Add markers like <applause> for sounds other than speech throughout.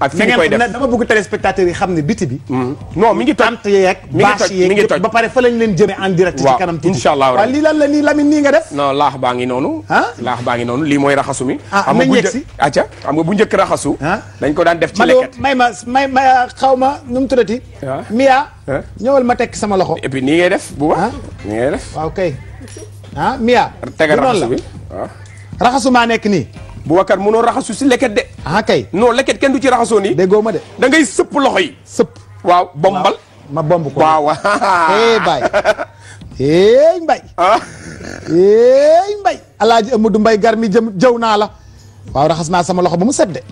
ak fi ñu dama bëgg téléspectateur yi xam ne biti bi. Mm. non mi ngi toj tante yeeg. mi ba pare fa lañ leen jëmee en direct. ci kanam tuuti incha allah waaw lii lan la nii Lamine nii nga def. laax baa ngi noonu. ah baa ngi noonu lii mooy raxasu mi. ah nañ yegg xam nga bu njëkk raxasu. dañ ko daan def ci leket may ma may ma xaw ma nu mu tuddati. waaw Mia. ñëwal ma tekk sama loxo. et nii ngay def bu baax. nii ngay def waaw kay. Mia. tegal raxasu bi raxasu maa nekk nii Boubacar mënoo raxasu si leket de. ah kay non leket kenn du ci raxasoo nii. déggoo de. da ngay sëpp loxo yi. sëpp waaw bombal. ma bomb ko waaw eh Baye. eh Mbaye. ah. eh Mbaye. El Hadj Amadou gar mi jëm jëw naa la. waaw raxas naa sama loxo ba mu set de.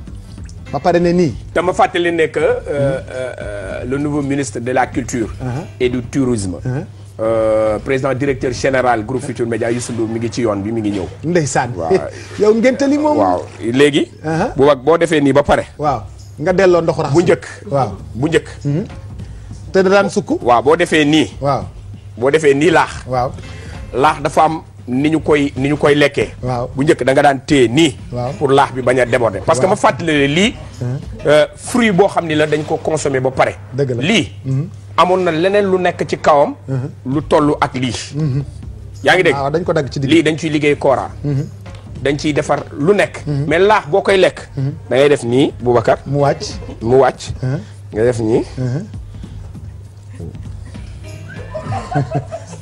ba pare ne nii. dama fàttali nekk que euh, euh, euh, le nouveau ministre de la culture. Uh-huh. et du tourisme. Uh-huh. Euh, président directeur général groupe Futur Média Youssou Ndour mi ngi ci yoon bi mu ngi ñëw. ndeysaan <laughs> yow ngénte li moom waaw léegi. Uh-huh. bu wag boo defee nii ba pare. waaw nga delloo ndox raxas bu njëkk. waaw bu njëkk. Mm-hmm. te da daan sukk. waaw boo defee nii. waaw boo defee nii laax. waaw laax dafa am. ni ñu koy ni ñu koy lekkee. waaw bu njëkk da nga daan téye nii. pour laax bi bañ a déborder. parce que ma fàttali lii. Mm-hmm. Euh, fruit boo xam ni la dañ ko consommer ba pare. dëgg lii. Mm-hmm. amoon na leneen lu nekk ci kawam. lu toll ak lii. yaa ngi dégg ah, dañ ko dagg ci digg lii dañ ciy liggéey kooraa. dañ ciy defar lu nekk. mais laax boo koy lekk. da ngay def nii Boubacar. mu wàcc mu wàcc. nga def nii. <laughs>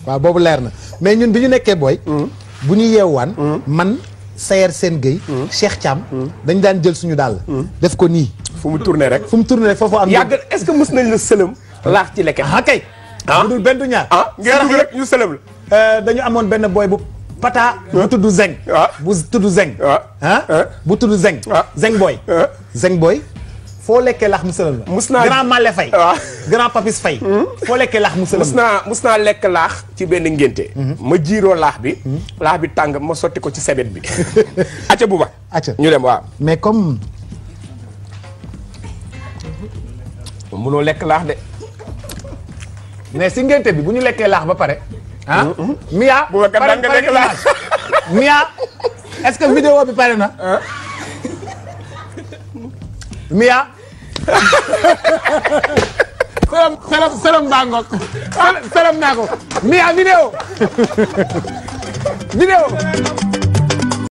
waaw boobu leer na mais ñun bi ñu nekkee booy. Hmm. bu ñu yeewaan. Hmm. man Sayer seen Gueye. Hmm. Cheikh caam dañ daan jël suñu dàll. def ko nii. fu mu tourné rek fu mu tourné rek foofu am. yàgg est-ce que mës nañ la sëlëm. laax ci leket ah kay. ah budul benn du ñaar. ah ngeen rek ñu célèbre euh, dañu amoon benn booy bu. pata bu tudd zeng. bu tudd zeng. ah bu tudd zeng. Ah. Ah. Ah. zeng booy. zeng booy. foo lekkee lax musalam la. mus naa grand Malé fay grand Papis Faye. Hmm? foo lekkee lax musalam la. mus naa mus naa lekk laax ci benn ngénte. Hmm. ma jiiroo laax bi. Hmm. laax bi tàng ma sotti ko ci sebet bi. <laughs> acca bu ba. acca ñu dem waaw. mais comme. munoo lekk laax de. mais si ngénte bi bu ñu lekkee laax ba pare. ah mm-hmm. Mia. bu fekkee Mia est que vidéo bi pare na. Ah. Mia. sërëm sërëm sërëm baa naa ko Mia vidéo vidéo